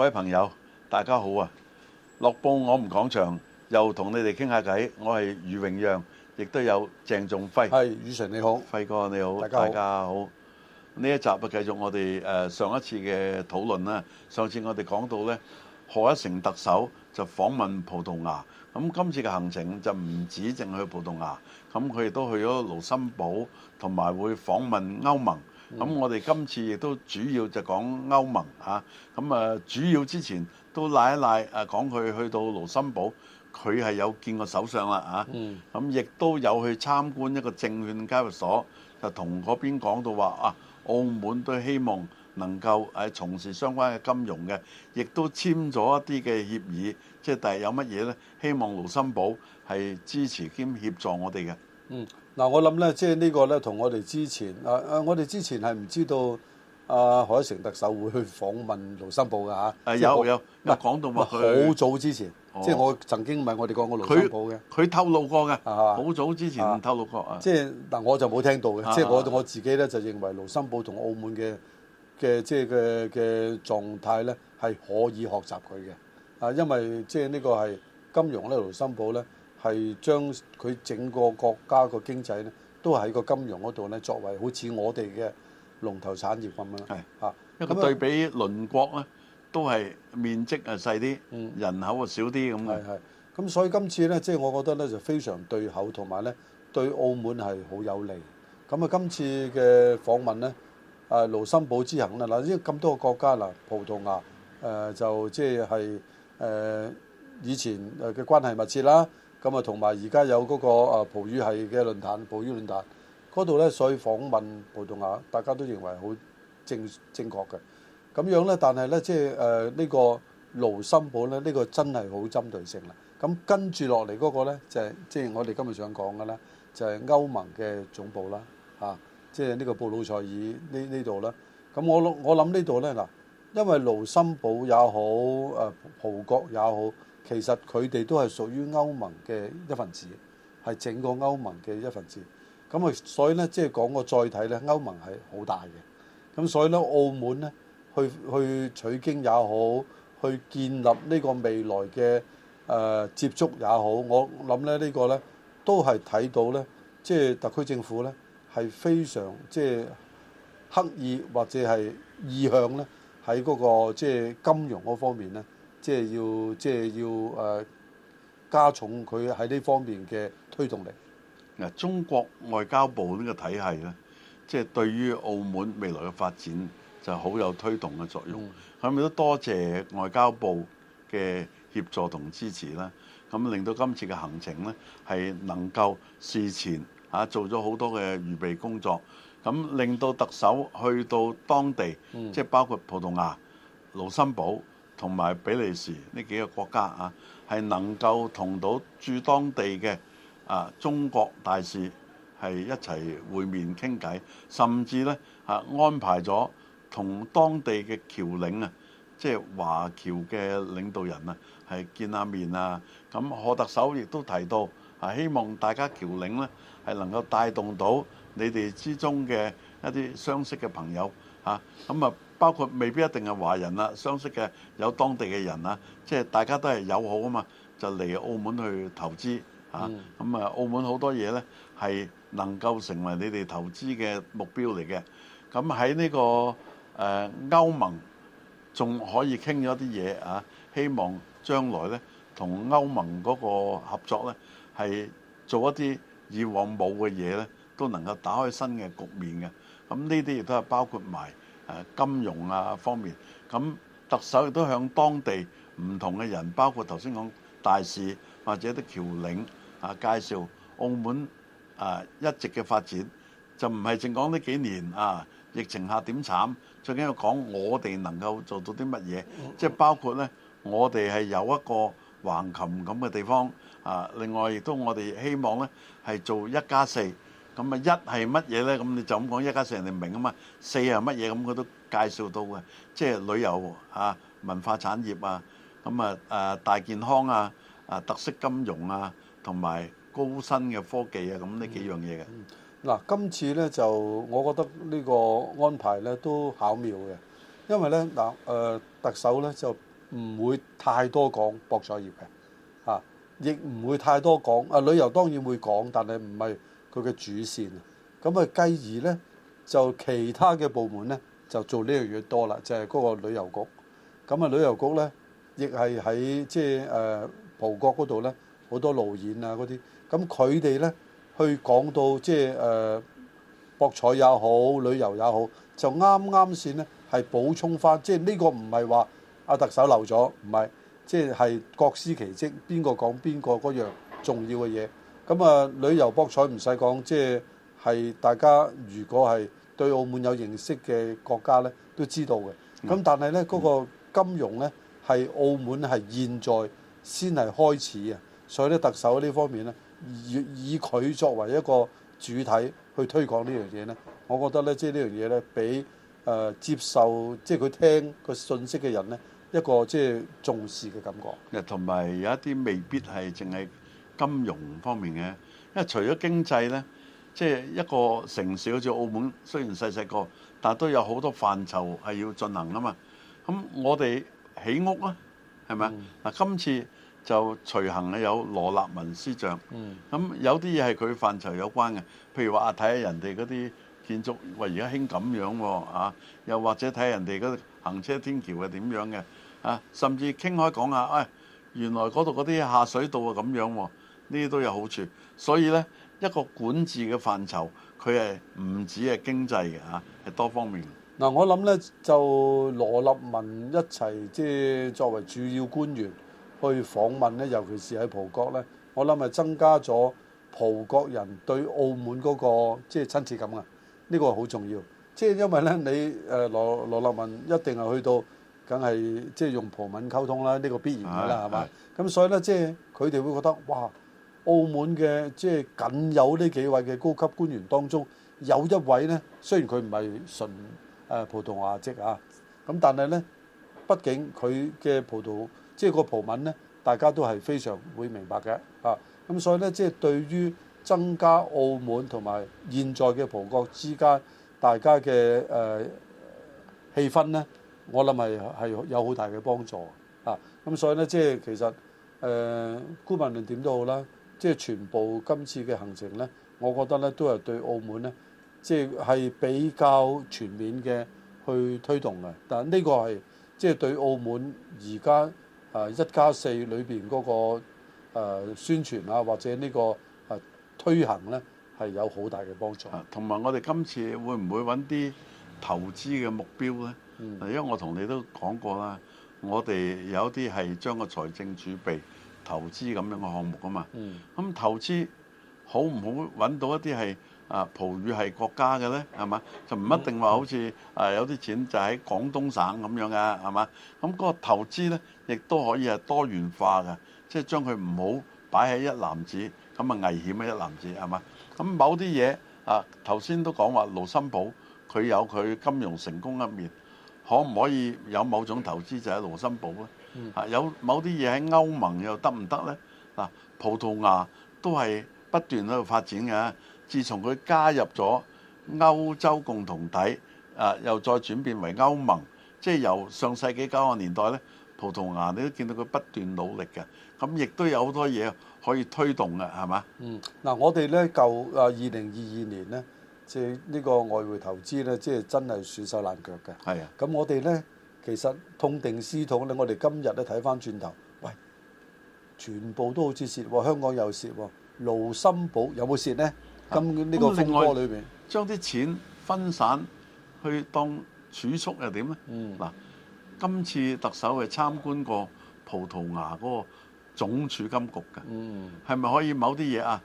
各位朋友，大家好啊！樂報我唔講場，又同你哋傾下偈。我係余榮讓，亦都有鄭仲輝。係余生你好，輝哥你好，大家好。呢一集繼續我哋、呃、上一次嘅討論啦。上次我哋講到呢，賀一誠特首就訪問葡萄牙。咁今次嘅行程就唔止淨去葡萄牙，咁佢亦都去咗盧森堡，同埋會訪問歐盟。咁、嗯、我哋今次亦都主要就講歐盟嚇、啊，咁、啊啊、主要之前都賴一賴、啊、講佢去到盧森堡，佢係有見過首相啦、啊、嚇，咁、啊、亦、啊、都有去參觀一個證券交易所，就同嗰邊講到話啊，澳門都希望能夠誒、啊、從事相關嘅金融嘅，亦都簽咗一啲嘅協議，即係但係有乜嘢呢？希望盧森堡係支持兼協助我哋嘅。嗯。嗱、啊，我諗咧，即係呢個咧，同我哋之前，啊前啊，我哋之前係唔知道阿海誠特首會去訪問盧森堡嘅嚇。有有，唔係講到嘛，好早之前，哦、即係我曾經唔係我哋講過盧森堡嘅。佢透露過嘅，好、啊、早之前透露過啊。啊啊即係嗱，我就冇聽到嘅、啊，即係我我自己咧就認為盧森堡同澳門嘅嘅即係嘅嘅狀態咧係可以學習佢嘅。啊，因為即係呢個係金融咧，盧森堡咧。係將佢整個國家個經濟呢，都喺個金融嗰度呢，作為好似我哋嘅龍頭產業咁樣。係啊，一個對比鄰國呢，都係面積啊細啲，人口啊少啲咁嘅。係係咁，所以今次呢，即係我覺得呢，就非常對口，同埋呢對澳門係好有利。咁啊，今次嘅訪問呢，啊盧森堡之行啦，嗱，因為咁多個國家嗱，葡萄牙誒就即係誒以前誒嘅關係密切啦。咁啊，同埋而家有嗰個誒葡語系嘅論壇，葡語論壇嗰度咧，呢所以訪問葡萄牙，大家都認為好正正確嘅咁樣咧。但係咧，即係呢個盧森堡咧，呢、呢個真係好針對性啦。咁跟住落嚟嗰個咧，就係即係我哋今日想講嘅呢，就係、就係、歐盟嘅總部啦，嚇，即係呢個布魯塞爾呢呢度啦。咁我諗我諗呢度咧嗱，因為盧森堡也好，誒、呃、葡國也好。其實佢哋都係屬於歐盟嘅一份子，係整個歐盟嘅一份子。咁啊，所以呢，即係講個載體呢，歐盟係好大嘅。咁所以呢，澳門呢，去去取經也好，去建立呢個未來嘅誒接觸也好，我諗咧呢個呢，都係睇到呢，即係特區政府呢，係非常即係刻意或者係意向呢，喺嗰個即係金融嗰方面呢。即係要，即係要誒加重佢喺呢方面嘅推動力。嗱，中國外交部呢個體系咧，即係對於澳門未來嘅發展就好有推動嘅作用。咁亦都多謝外交部嘅協助同支持啦，咁令到今次嘅行程咧係能夠事前啊做咗好多嘅預備工作，咁令到特首去到當地，嗯，即係包括葡萄牙、盧森堡。同埋比利時呢幾個國家啊，係能夠同到駐當地嘅啊中國大使係一齊會面傾偈，甚至呢，啊安排咗同當地嘅僑領啊，即係華僑嘅領導人啊，係見下面啊。咁賀特首亦都提到啊，希望大家僑領呢，係能夠帶動到你哋之中嘅一啲相識嘅朋友啊，咁啊。包括未必一定係華人啦，相識嘅有當地嘅人啦，即係大家都係友好啊嘛，就嚟澳門去投資啊，咁、嗯、啊，澳門好多嘢呢係能夠成為你哋投資嘅目標嚟嘅。咁喺呢個誒、呃、歐盟仲可以傾咗啲嘢啊，希望將來呢同歐盟嗰個合作呢係做一啲以往冇嘅嘢呢，都能夠打開新嘅局面嘅。咁呢啲亦都係包括埋。金融啊方面，咁特首亦都向當地唔同嘅人，包括頭先講大使或者啲僑領啊介紹澳門啊一直嘅發展，就唔係淨講呢幾年啊疫情下點慘，最緊要講我哋能夠做到啲乜嘢，即係包括咧，我哋係有一個橫琴咁嘅地方啊，另外亦都我哋希望咧係做一加四。咁啊！一係乜嘢咧？咁你就咁講，一加成人哋明啊嘛。四係乜嘢咁？佢都介紹到嘅，即係旅遊嚇、啊、文化產業啊，咁啊誒大健康啊、啊特色金融啊，同埋高新嘅科技啊，咁呢幾樣嘢嘅。嗱、嗯嗯，今次咧就我覺得呢個安排咧都巧妙嘅，因為咧嗱誒特首咧就唔會太多講博彩業嘅嚇，亦、啊、唔會太多講啊、呃、旅遊當然會講，但係唔係，佢嘅主線，咁啊繼而呢，就其他嘅部門呢，就做呢樣嘢多啦，就係嗰個旅遊局。咁啊旅遊局呢，亦係喺即係誒葡國嗰度呢，好多路演啊嗰啲。咁佢哋呢，去講到即係誒博彩也好，旅遊也好，就啱啱先呢，係補充翻，即係呢個唔係話阿特首漏咗，唔係即係係各司其職，邊個講邊個嗰樣重要嘅嘢。咁啊，旅遊博彩唔使講，即係大家如果係對澳門有認識嘅國家呢都知道嘅。咁但係呢，嗰個金融呢，係澳門係現在先係開始啊。所以咧，特首呢方面呢，以佢作為一個主體去推廣呢樣嘢呢，我覺得呢，即係呢樣嘢呢，俾，誒，接受即係佢聽個信息嘅人呢，一個即係重視嘅感覺。同埋有一啲未必係淨係，金融方面嘅，因為除咗經濟呢，即係一個城市，好似澳門雖然細細個，但係都有好多範疇係要進行啊嘛。咁我哋起屋啊，係咪啊？嗱、嗯，今次就隨行嘅有羅立文司長，咁有啲嘢係佢範疇有關嘅。譬如話睇下人哋嗰啲建築，喂，而家興咁樣喎，啊！又或者睇下人哋嗰啲行車天橋係點樣嘅，啊！甚至傾開講下，喂，原來嗰度嗰啲下水道啊咁樣喎。呢啲都有好處，所以呢，一個管治嘅範疇，佢係唔止係經濟嘅嚇，係多方面。嗱、啊，我諗呢，就羅立文一齊即係作為主要官員去訪問呢，尤其是喺葡國呢。我諗係增加咗葡國人對澳門嗰、那個即係親切感嘅。呢、這個好重要，即係因為呢，你誒、呃、羅羅立文一定係去到，梗係即係用葡文溝通啦，呢、這個必然㗎啦，係嘛？咁所以呢，即係佢哋會覺得哇！澳門嘅即係僅有呢幾位嘅高級官員當中，有一位呢，雖然佢唔係純誒葡萄牙籍啊，咁但係呢，畢竟佢嘅葡萄牙即係個葡文呢，大家都係非常會明白嘅啊。咁所以呢，即係對於增加澳門同埋現在嘅葡國之間大家嘅誒、啊、氣氛呢，我諗係係有好大嘅幫助啊。咁所以呢，即係其實誒官民論點都好啦。即係全部今次嘅行程呢，我覺得呢都係對澳門呢，即係比較全面嘅去推動嘅。但係呢個係即係對澳門而家誒一加四裏邊嗰個宣傳啊，或者呢個誒推行呢，係有好大嘅幫助。同埋我哋今次會唔會揾啲投資嘅目標呢？嗯、因為我同你都講過啦，我哋有啲係將個財政儲備。投資咁樣嘅項目啊嘛，咁投資好唔好搵到一啲係啊葡語系國家嘅咧，係嘛？就唔一定話好似誒、啊、有啲錢就喺廣東省咁樣啊，係嘛？咁、嗰個投資咧，亦都可以係多元化嘅，即係將佢唔好擺喺一籃子，咁啊危險嘅一籃子係嘛？咁某啲嘢啊，頭先都講話盧森堡，佢有佢金融成功一面，可唔可以有某種投資就喺盧森堡咧？嚇有某啲嘢喺歐盟又得唔得呢？嗱，葡萄牙都係不斷喺度發展嘅。自從佢加入咗歐洲共同體，誒又再轉變為歐盟，即係由上世紀九十年代呢，葡萄牙你都見到佢不斷努力嘅。咁亦都有好多嘢可以推動嘅，係嘛？嗯，嗱，我哋呢，舊誒二零二二年呢，即係呢個外匯投資呢，即係真係損手爛腳嘅。係啊，咁我哋呢。其實痛定思痛咧，我哋今日咧睇翻轉頭，喂，全部都好似蝕喎，香港又蝕喎，盧森堡有冇蝕咧？今呢個風波裏邊，將啲錢分散去當儲蓄又點咧？嗱，今次特首係參觀過葡萄牙嗰個總儲金局㗎，係咪可以某啲嘢啊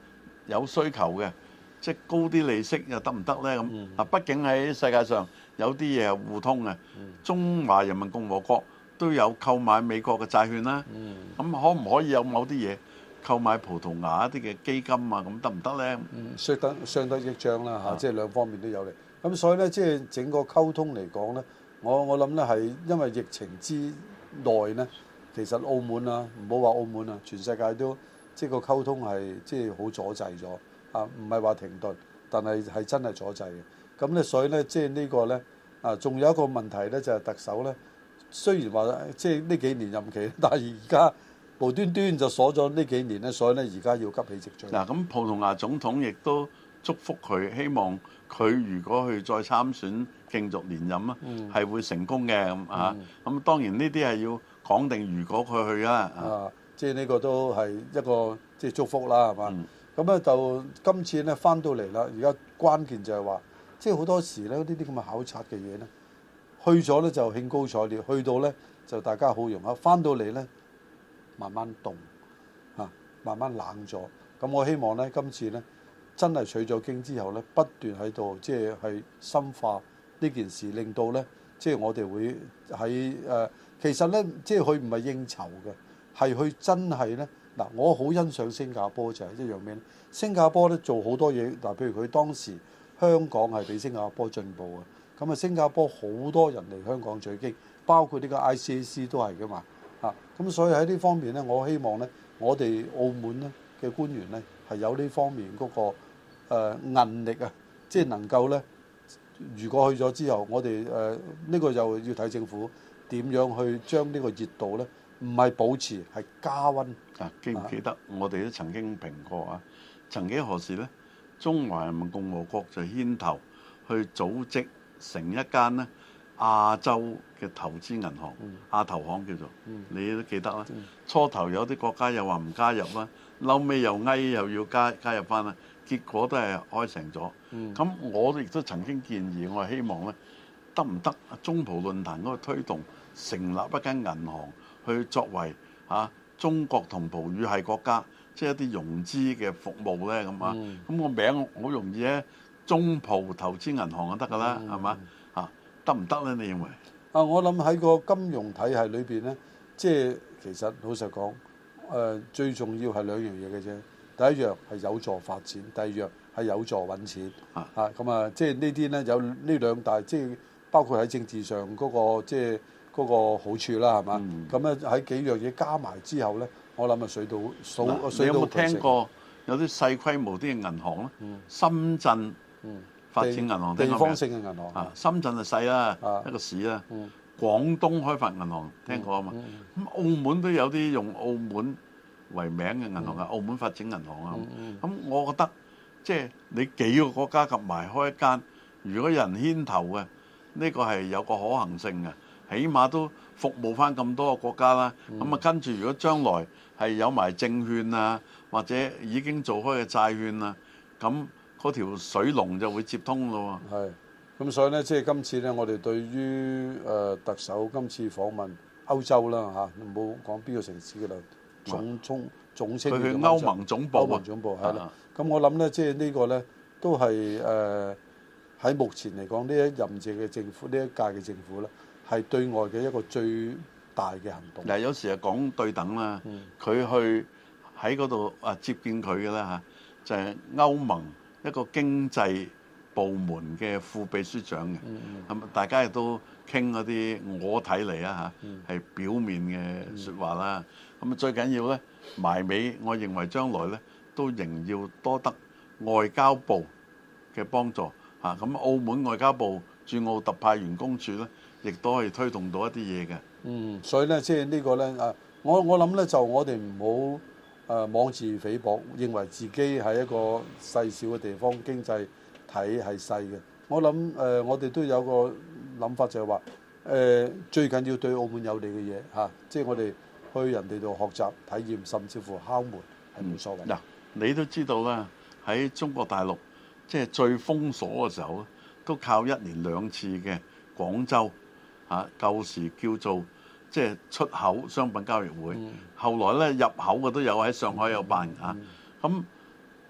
有需求嘅，即係高啲利息又得唔得咧？咁啊，畢竟喺世界上。有啲嘢互通嘅，中華人民共和國都有購買美國嘅債券啦。咁、嗯、可唔可以有某啲嘢購買葡萄牙一啲嘅基金啊？咁、嗯、得唔得咧？相得相得益彰啦嚇，即、嗯、係、啊就是、兩方面都有利。咁所以咧，即、就、係、是、整個溝通嚟講咧，我我諗咧係因為疫情之內咧，其實澳門啊，唔好話澳門啊，全世界都即係、就是、個溝通係即係好阻滯咗啊，唔係話停頓。但係係真係阻滯嘅，咁咧所以咧即係呢個咧啊，仲有一個問題咧就係特首咧，雖然話即係呢幾年任期，但係而家無端端就鎖咗呢幾年咧，所以咧而家要急起直追。嗱，咁葡萄牙總統亦都祝福佢，希望佢如果去再參選競逐連任啊，係會成功嘅咁啊。咁當然呢啲係要講定，如果佢去啦啊，即係呢個都係一個即係祝福啦，係嘛？咁咧就今次咧翻到嚟啦，而家關鍵就係話，即係好多時咧呢啲咁嘅考察嘅嘢咧，去咗咧就興高采烈，去到咧就大家好融洽，翻到嚟咧慢慢凍、啊、慢慢冷咗。咁我希望咧今次咧真係取咗經之後咧，不斷喺度即係係深化呢件事，令到咧即係我哋會喺、呃、其實咧即係佢唔係應酬嘅，係佢真係咧。嗱，我好欣賞新加坡就係、是、一樣咩咧？新加坡咧做好多嘢，嗱，譬如佢當時香港係比新加坡進步啊，咁啊，新加坡好多人嚟香港取經，包括呢個 ICAC 都係噶嘛，啊，咁所以喺呢方面咧，我希望咧，我哋澳門咧嘅官員咧係有呢方面嗰、那個誒韌、呃、力啊，即係能夠咧，如果去咗之後，我哋誒呢個又要睇政府點樣去將呢個熱度咧。唔係保持係加溫嗱、啊，記唔記得我哋都曾經評過啊？曾幾何時呢？中華人民共和國就牽頭去組織成一間咧亞洲嘅投資銀行、嗯、亞投行叫做，嗯、你都記得啦、嗯。初頭有啲國家又話唔加入啦，後尾又翳又要加加入翻啦，結果都係開成咗。咁、嗯、我亦都曾經建議我係希望呢，得唔得？中葡論壇嗰個推動成立一間銀行，去作為嚇，啊，中國同葡語系國家，即係一啲融資嘅服務咧，咁啊，咁個名好容易咧，中葡投資銀行就得噶啦，係嘛嚇，得唔得咧？你認為？啊，我諗喺個金融體系裏邊咧，即係其實老實講，誒最重要係兩樣嘢嘅啫。第一樣係有助發展，第二樣係有助揾錢嚇。咁啊，即係呢啲咧有呢兩大，即係包括喺政治上嗰個即係，就是嗰個好處啦，係嘛咁咧？喺幾樣嘢加埋之後咧，我諗啊，水到數。你有冇聽過有啲細規模啲嘅銀行咧？深圳發展銀行聽過未？地方性嘅銀行啊，深圳就細啦，一個市啦。廣東開發銀行聽過啊嘛。咁澳門都有啲用澳門為名嘅銀行啊，澳門發展銀行啊。咁我覺得即係你幾個國家夾埋開一間，如果有人牽頭嘅呢個係有個可行性嘅。起碼都服務翻咁多個國家啦。咁啊，跟住如果將來係有埋證券啊，或者已經做開嘅債券啊，咁嗰條水龍就會接通咯喎、啊。咁，所以咧，即係今次咧，我哋對於誒、呃、特首今次訪問歐洲啦嚇，冇講邊個城市嘅啦，總總總稱去歐盟總部。歐盟總部係啦。咁、啊啊、我諗咧，即係呢個咧都係誒喺目前嚟講呢一任政嘅政府，呢一屆嘅政府啦。係對外嘅一個最大嘅行動。嗱，有時就講對等啦，佢去喺嗰度啊接見佢嘅啦嚇，就係、是、歐盟一個經濟部門嘅副秘書長嘅。咁、嗯嗯、大家亦都傾嗰啲，我睇嚟啊嚇係表面嘅説話啦。咁、嗯嗯、最緊要咧埋尾，我認為將來咧都仍要多得外交部嘅幫助嚇。咁澳門外交部駐澳特派員公署咧，亦都係推動到一啲嘢嘅，嗯，所以咧，即係呢個咧，啊，我我諗咧，就我哋唔好誒妄自菲薄，認為自己係一個細小嘅地方經濟體係細嘅。我諗、呃、我哋都有個諗法就，就係話呃，最緊要對澳門有利嘅嘢吓，即係我哋去人哋度學習體驗，甚至乎敲門係冇所謂、嗯。嗱，你都知道啦，喺中國大陸即係、即係、最封鎖嘅時候，都靠一年兩次嘅廣州。嚇，舊時叫做即係出口商品交易會，嗯、後來咧入口嘅都有喺上海有辦、嗯、啊。咁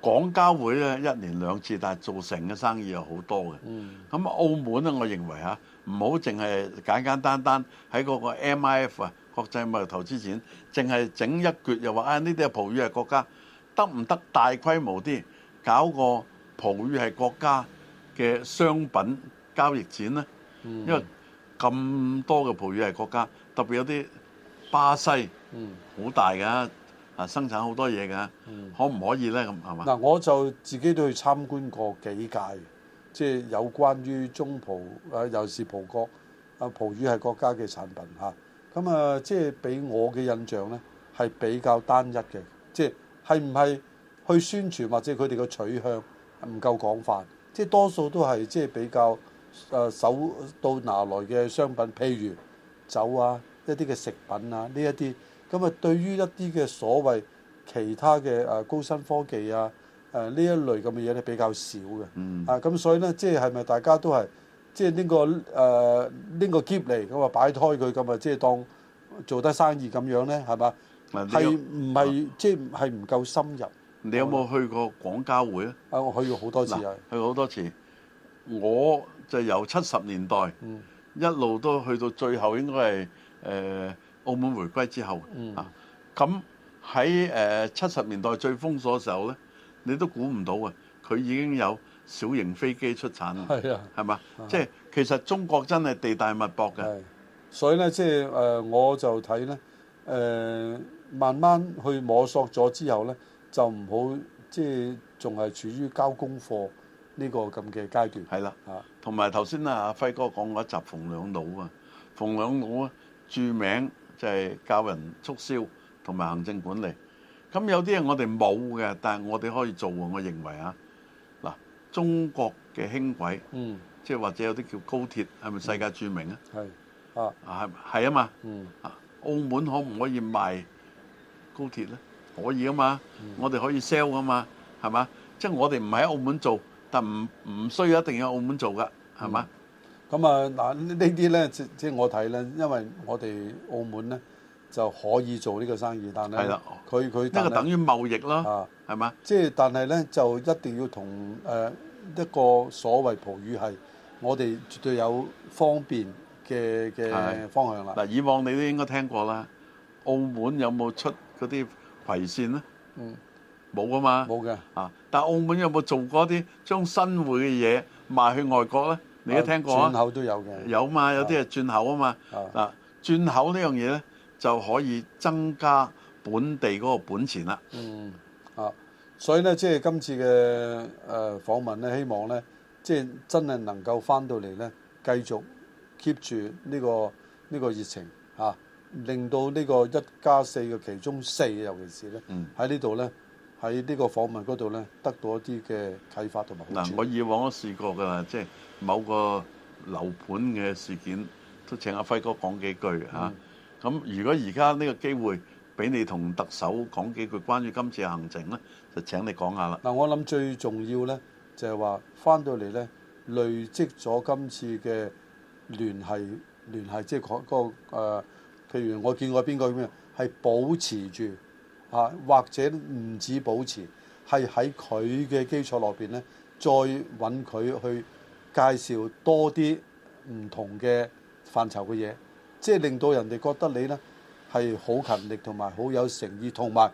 廣交會咧一年兩次，但係做成嘅生意有好多嘅。咁、嗯、澳門咧，我認為嚇唔好淨係簡簡單單喺嗰個 M I F 啊國際貿易投資展，淨係整一撅又話啊呢啲葡語系國家得唔得，大規模啲搞個葡語系國家嘅商品交易展咧、嗯？因為咁多嘅葡語系國家，特別有啲巴西，好大㗎，啊生產好多嘢㗎、嗯，可唔可以咧咁係嘛？嗱，我就自己都去參觀過幾屆，即係有關於中葡啊，又是葡國啊，葡語係國家嘅產品嚇。咁啊，即係俾我嘅印象咧，係比較單一嘅，即係係唔係去宣傳或者佢哋嘅取向唔夠廣泛，即係多數都係即係比較，誒、啊、手到拿來嘅商品，譬如酒啊、一啲嘅食品啊，呢一啲咁啊，對於一啲嘅所謂其他嘅誒高新科技啊誒呢、啊、一類咁嘅嘢咧比較少嘅。嗯。啊，咁所以咧，即係咪大家都係即係呢個誒拎個篋嚟咁啊擺脫佢咁啊，即係當做得生意咁樣咧，係嘛？係唔係即係唔夠深入？你有冇去過廣交會啊？啊，我去過好多次啊！去好多次，我。就由七十年代一路都去到最後應該係澳門回歸之後，啊。咁喺七十年代最封鎖時候呢，你都估唔到啊！佢已經有小型飛機出產，係啊，係嘛？即、啊、其實中國真係地大物博嘅，所以呢，即我就睇呢，慢慢去摸索咗之後呢，就唔好即係仲係處於交功課。呢、這個咁嘅階段係啦，同埋頭先阿輝哥講嗰集「馮兩努」，啊，馮兩努啊，著名就係教人促銷同埋行政管理。咁有啲嘢我哋冇嘅，但係我哋可以做。我認為啊，嗱、啊，中國嘅輕軌，嗯，即係或者有啲叫高鐵係咪世界著名、嗯、係啊？係啊，係啊嘛，嗯，澳門可唔可以賣高鐵咧？可以啊嘛，嗯、我哋可以 sell 啊嘛，係嘛？即、就、係、係、我哋唔係喺澳門做。唔唔需要一定要澳門做嘅，係嘛？咁、嗯、啊，嗱呢啲咧，即即我睇咧，因為我哋澳門咧就可以做呢個生意，但係佢佢，因為、這個、等於貿易咯，係、啊、嘛？即係但係咧，就一定要同誒、呃、一個所謂葡語系，我哋絕對有方便嘅嘅方向啦。嗱，以往你都應該聽過啦，澳門有冇出嗰啲牌線咧？嗯。冇啊嘛，冇嘅啊！但係澳門有冇做過啲將新會嘅嘢賣去外國咧？你都聽過啊？轉口都有嘅，有嘛？有啲係轉口啊嘛啊，啊！轉口呢樣嘢咧，就可以增加本地嗰個本錢啦、嗯。嗯啊，所以咧，即係今次嘅誒訪問咧，希望咧，即係真係能夠翻到嚟咧，繼續 keep 住呢個呢、呢個熱情嚇、啊，令到呢個一加四嘅其中四，尤其是咧喺呢度咧。嗯喺呢個訪問嗰度咧，得到一啲嘅啟發同埋。嗱，我以往都試過噶，即係某個樓盤嘅事件，都請阿輝哥講幾句嚇。咁、嗯啊、如果而家呢個機會俾你同特首講幾句關於今次嘅行程咧，就請你講下啦。嗱，我諗最重要咧，就係話翻到嚟咧，累積咗今次嘅聯繫聯繫，即係嗰個誒，譬如我見過邊個咁樣，係保持住。啊，或者唔止保持，係喺佢嘅基礎落邊咧，再揾佢去介紹多啲唔同嘅範疇嘅嘢，即係令到人哋覺得你呢係好勤力同埋好有誠意，同埋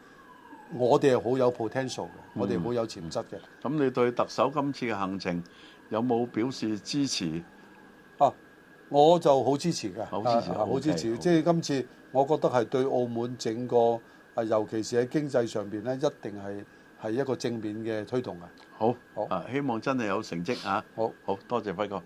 我哋係好有 potential，嗯，我哋好有潛質嘅。咁你對特首今次嘅行程有冇表示支持？啊，我就好支持嘅，好支持，啊、好支持、okay，好支持。即係今次，我覺得係對澳門整個。啊，尤其是喺經濟上面咧，一定係係一個正面嘅推動啊！好，好啊，希望真係有成績啊！好，好多謝輝哥。